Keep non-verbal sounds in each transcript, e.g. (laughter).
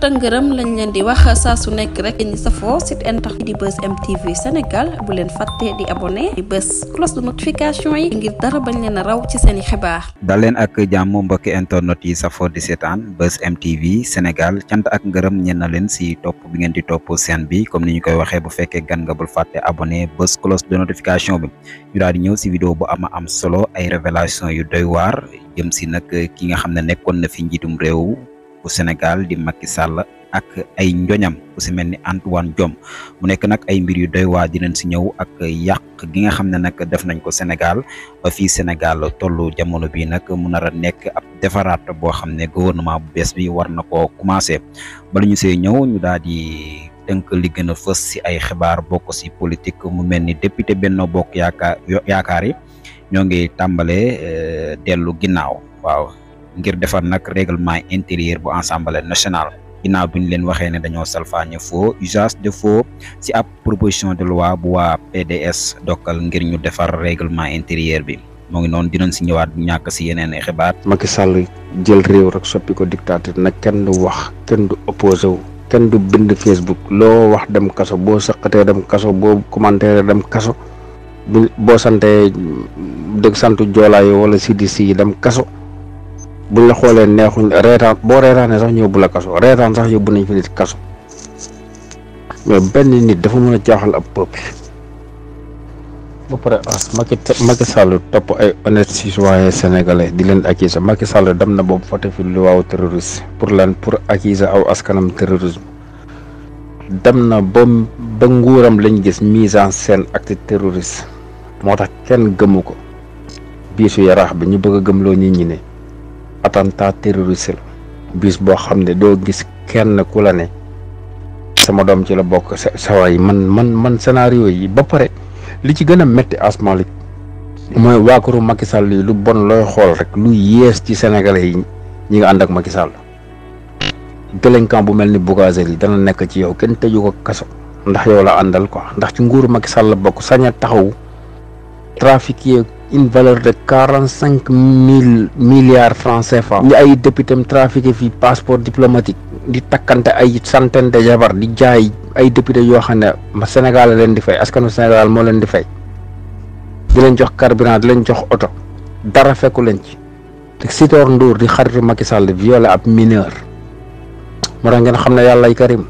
tëngërëm lañ leen di wax saa su nekk rek ñi safoo site internet di bës mtv sénégal bu leen fàtte di abonné di bës cloche de notification yi ngir dara bañ leen a raw ci seeni xibaar dal leen ak jàmm mbokki internet yi safoo di seetaan bës mtv sénégal cant ak ngërëm ñen na leen si topp bi ngeen di topp seen bi comme ni ñu koy waxee bu fekkee gan nga bul fàtte abonné bës cloche de notification bi ñu daal di ñëw si vidéo bu ama am solo ay révélation yu doy waar jëm si nag ki nga xam ne nekkoon na fi njiitum réew bu Sénégal di Macky Sall ak ay njoñam ku ci melni Antoine diom mu nek nak ay mbir yu doy waa dinañ ci ñew ak yaq gi nga xamne nak def nañ ko Sénégal ba fii Sénégal tollu jamono bi nak mu na a nek ab defaraat bo xamne gouvernement bu bes bi war na koo commencé bala ñu sey ñew ñu daldi di li gëna fess ci ay xibaar bok ci politique mu melni député Benno Bok yaaka yaakaari ñongi tambalé euh tàmbale ginnaw waaw ngir defal nak règlement intérieur bu assemblée nationale ginaaw bi leen waxé né dañoo ñu fo usage de faux ci ab proposition de loi bu wa PDS dokal ngir ñu defal règlement intérieur bi mo ngi noonu dinañ ci ñëwaat ñàkk si yeneen i xibaar. Macky Sall jël réew rek soppi ko dictateur nak kenn du wax kenn du opposé wu kenn du bind Facebook lo wax dem kasso bo sëqatee dem kasso bo commentaire dem kasso bo santé deug santu joolaayo wala CDC dem kasso buñ la xoolee neexuñ reetaan boo reetaanee sax ñëw bu la kaso reetaan sax yóbbu nañ fi nit kaso mais benn nit dafa mën a jaaxal ab peuple ba pare as ah, Macky Macky Sall topp ay honnête citoyen sénégalais di leen accuser Macky Sall dem na boobu fote fi lu waaw terroriste pour lan pour accuser aw askanam terrorisme dem na ba ba nguuram lañ gis mise en scène acte terroriste moo tax kenn gëmu ko biisu yaraax bi ñu bëgg a gëmloo nit ñi ne attentat terroriste bis bo xamne do gis kenn ku la ne sama dom ci la bok sa way man man man scénario yi ba pare li ci gën a métti asmalik mooy waakuru Macky Sall lu bon loy xol rek lu yees ci sénégalais yi ñi nga and ak Macky Sall délinquant bu mel ni Bougazelli dana ci yow kenn ko kaso ndax yow la andal quoi ndax ci nguuru Macky Sall bok saña taxaw trafiquer une valeur de quarante cinq mille milliards francais CFA ñu ay député am trafiqué fii passeport diplomatique di takkante ay centaine de jabar di jaay ay député yoo xam ne Sénégal leen di fay askanu Sénégal moo leen di fay di leen jox carburant di leen jox oto dara fekku leen ci te Sitor Ndour di xaritu Macky Sall violé ab mineur moo tax ngeen xam ne yàlla ay karim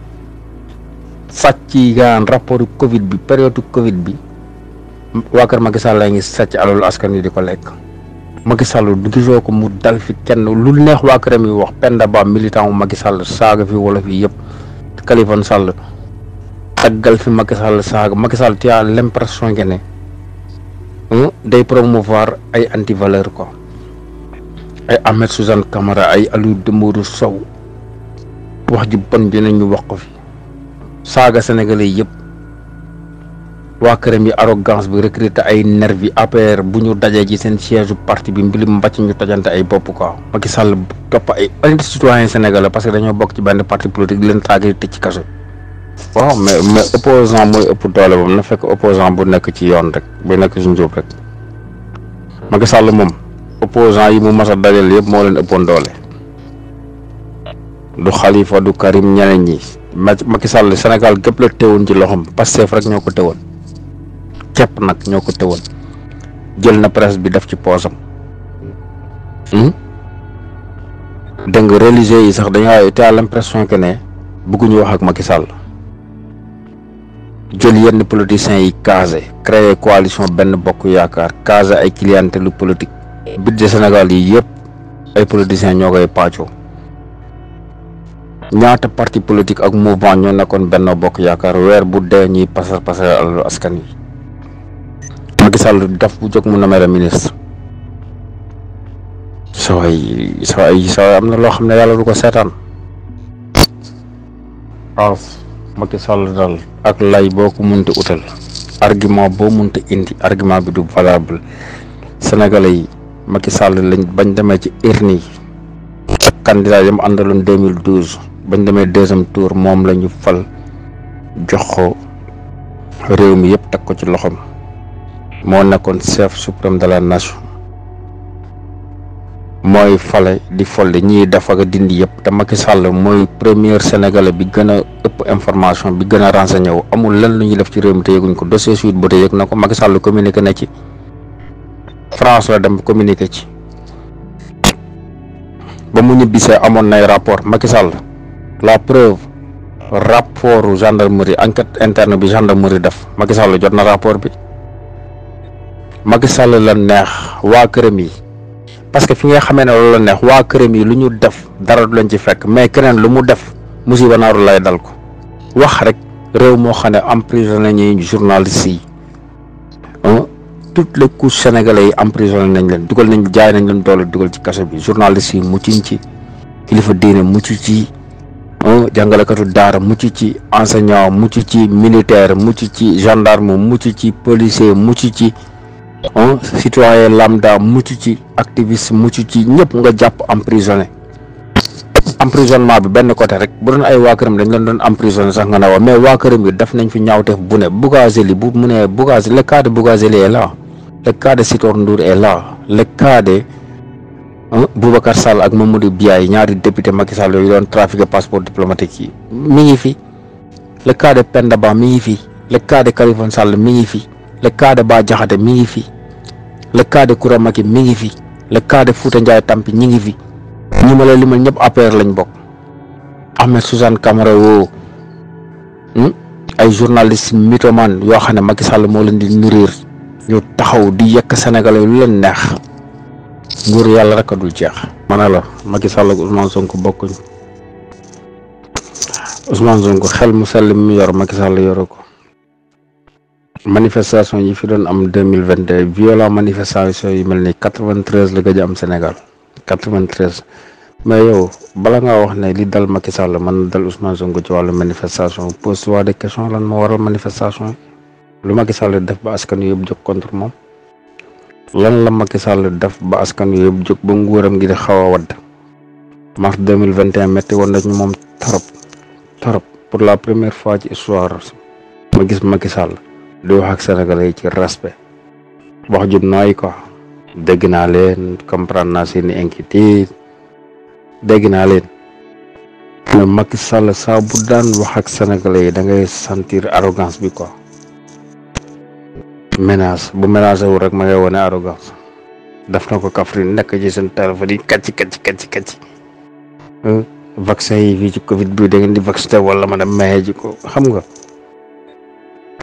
sàcc yi gaan rapport Covid bi période Covid bi. waa kër Macky Sall ngi sàcc alalu askan wi di ko lekk Macky Sall du gisoo ko mu dal fi kenn lu neex waa këram yi wax Penda Ba militant wu Macky Sall saaga fi wolof yi yëpp Kalifon Sall taggal fi Macky Sall saaga Macky Sall tu as l'impression que hmm, day promouvoir ay anti ko quoi ay Ahmed Suzanne Camara ay Aliou Dembourou Sow wax ji bon ji nañu wax ko fi saaga sénégalais yëpp. wa kërëm yi arrogance bi recruter ay nervi APR bu ñu dajé ci seen siège parti bi mbilim mbàcc ñu tojante ay bop ko Macky Sall top ay honnête citoyen sénégalais parce que dañoo bok ci benn parti politique leen taagir tëj ci kasso wa mais mais opposant moy ëpp doole bam na fekk opposant bu nekk ci yoon rek bu nekk ci njóob rek Macky Sall mom opposant yi mu mas a dajal yëpp moo leen ëppon doole du Khalifa du Karim ñeneen ñi Macky Sall Sénégal gëpp la téwun ci loxam passé rek ñoko téwone képp nag ñoo ko tewoon jël na presse bi def ci poosam hmm? dégg nga religieux yi sax dañoo été à l'impression que ne bëgguñu wax ak Macky Sall jël yenn politiciens yi casé créer coalition benn bokk yaakaar casé ay clientèle politique budget Sénégal yi yëpp ay politiciens ñoo koy pàccoo ñaata parti politique ak mouvement ñoo nekkoon benn bokk yaakaar weer bu dee ñuy pasar pasar alalu askan wi Macky Sall daf bu jóg mu nommé ministre soo yi soo am na loo xam ne yàlla du ko seetaan waaw Macky Sall ak lay boo ko munti utal argument boo munti indi argument bi du valable sénégalais yi Macky Sall lañ bañ demee ci urne yi candidat yi mu àndaloon 2012 bañ demee deuxième tour moom la ñu fal jox ko réew mi yëpp teg ko ci loxoom. moo nekkoon chef suprême de la nation mooy fale di folli ñiy def ak dindi yëpp te Macky Sall mooy premier sénégalais bi gën a ëpp information bi gën a renseigné wu amul lan lu ñuy def ci réew mi te yëguñ ko dossier suite ba te yëg na ko Macky Sall communiqué na ci France la dem communiqué ci ba mu ñibbisee amoon nay rapport Macky la preuve rapportu gendarmerie enquête interne bi gendarmerie def Macky la jot na rapport bi. Macky Sall la neex waa këram yi parce que fi nga xamee ne loolu la neex waa këram yi lu ñu def dara du leen ci fekk mais keneen lu mu def musiba naaru lay dal ko wax rek réew moo xam ne emprisonné ñu journaliste yi toutes le couches sénégalais yi emprisonné nañ leen dugal nañ jaay nañ leen doole dugal ci kaso bi journaliste yi mucc ci kilifa diine mucc ci jàngalekatu daara mucc ci enseignant mucc ci militaire mucc ci gendarme mucc ci policier mucc ci. citoyen lambda mucc ci activiste mucc ci ñëpp nga jàpp emprisonné emprisonnement bi benn côté rek bu doon ay waa dañ leen doon emprisonné sax nga ne waaw mais waa këram yi def nañ fi ñaawteef bu ne Bougazelli bu mu ne Bougazelli le cas de Bougazelli est là le cas de Sitor Ndour est là le cas de Boubacar Sall ak Mamadou Biaye ñaari député Macky Sall yooyu doon trafiqué passeport diplomatique yi mi ngi fi le cas de Penda mi ngi fi le ka de Sall mi ngi fi. le cas de Bah de mi ngi fi le cas de kura Macky mi ngi le cas de Fouta Ndiaye Tampi ñi ngi fi ñi ma la limal ñëpp APR lañ bokk Ahmed Suzanne Camara hmm? ay journaliste mitoman yo xam ne Macky Sall moo leen di nourrir ñu taxaw di yekk Sénégalais lu leen neex nguur yàlla rek dul jeex. Macky Sall Ousmane Sonko Ousmane Sonko xel mu mi manifestation yi fi doon am deux mille vingt deux violent manifestation yi mel ni quatre la gëj am Sénégal quatre vingt treize mais yow bala ngaa wax ne li dal Macky Sall man dal Ousmane Sonko ci wàllu manifestation pose toi des questions lan moo waral manifestation lu Macky Sall def ba askan yëpp jog contre moom lan la Macky Sall def ba askan yëpp jog ba nguuram ngi di xaw a wadd mars deux mille vingt et un métti woon moom torop torop pour la première fois ci histoire ma gis Macky Sall di wax ak sénégalais yi ci respect wax ju nooy ko dégg naa leen comprendre naa seeni inquiétude dégg naa leen mais Macky Sall daan wax ak sénégalais yi dangay ngay sentir arrogance bi quoi menace bu menacé wul rek ma ngay wone arrogance daf na ko Kaffrine nekk ci seen téléphone yi kacci kacci kacci kacci vaccin yi fii ci covid bi da ngeen di vacciné wala ma dem ji ko xam nga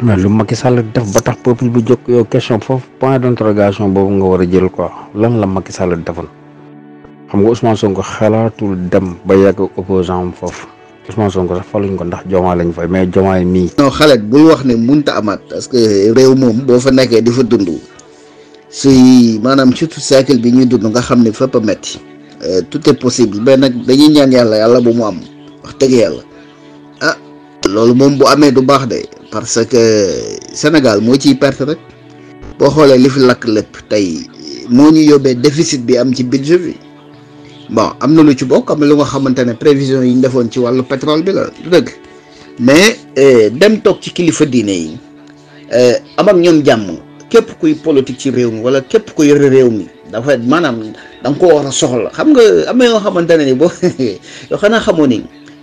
mais lu Macky Sall def ba tax peuple bi jokk yow question foofu point d'interrogation bobu nga wara jël quoi lan la Macky Sall defal xam nga Ousmane Sonko xalaatul dem ba yàgg opposant am Ousmane Sonko sax faluñ ko ndax jomaa lañ fay mais jomaay mi non xale bu wax ne munta amat parce que rew mom bo fa nekké di dundu dund si maanaam tout cycle bi ñu dund nga xam ne pa metti eh, tout est possible ben nak dañuy ñaan yalla yalla bu mu am wax tegg yalla ah. lolu mom bu amé du bax de. parce que Sénégal moo ciy perte rek boo xoolee li fi lakk lépp tey moo ñu yóbbee déficit bi am ci budget bi bon am na lu ci bokk am na lu nga xamante ne prévision yi ñu defoon ci wàllu pétrole bi la dëgg mais euh, dem toog ci kilifa diine yi euh, am ak ñoom jàmm képp kuy politique ci réew mi wala képp ku yore réew mi dafa maanaam da ko war soxla xam nga am na yoo xamante ne boo (laughs) yoo xanaa xamoo ni.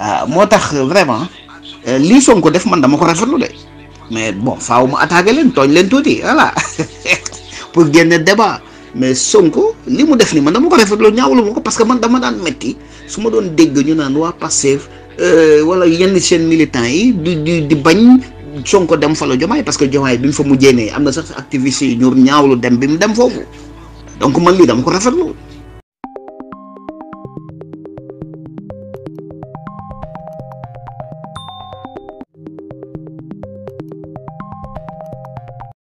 Ah, moo tax vraiment euh, li Sonko def man dama ko rafetlu de mais bon faaw mu attaqué leen tooñ leen voilà (laughs) pour le débat mais Sonko li mu def ni man dama ko rafetlu ñaawlu ma parce que man dama dan metti suma don deg ñu nan wa waa euh wala yenn seen militant yi du di di bañ Sonko dem fa la Diomaye parce que Diomaye bi mu fa mujjee ne am sax activiste yi ñu ñaawlu dem bimu dem foofu donc man li dama ko rafetlu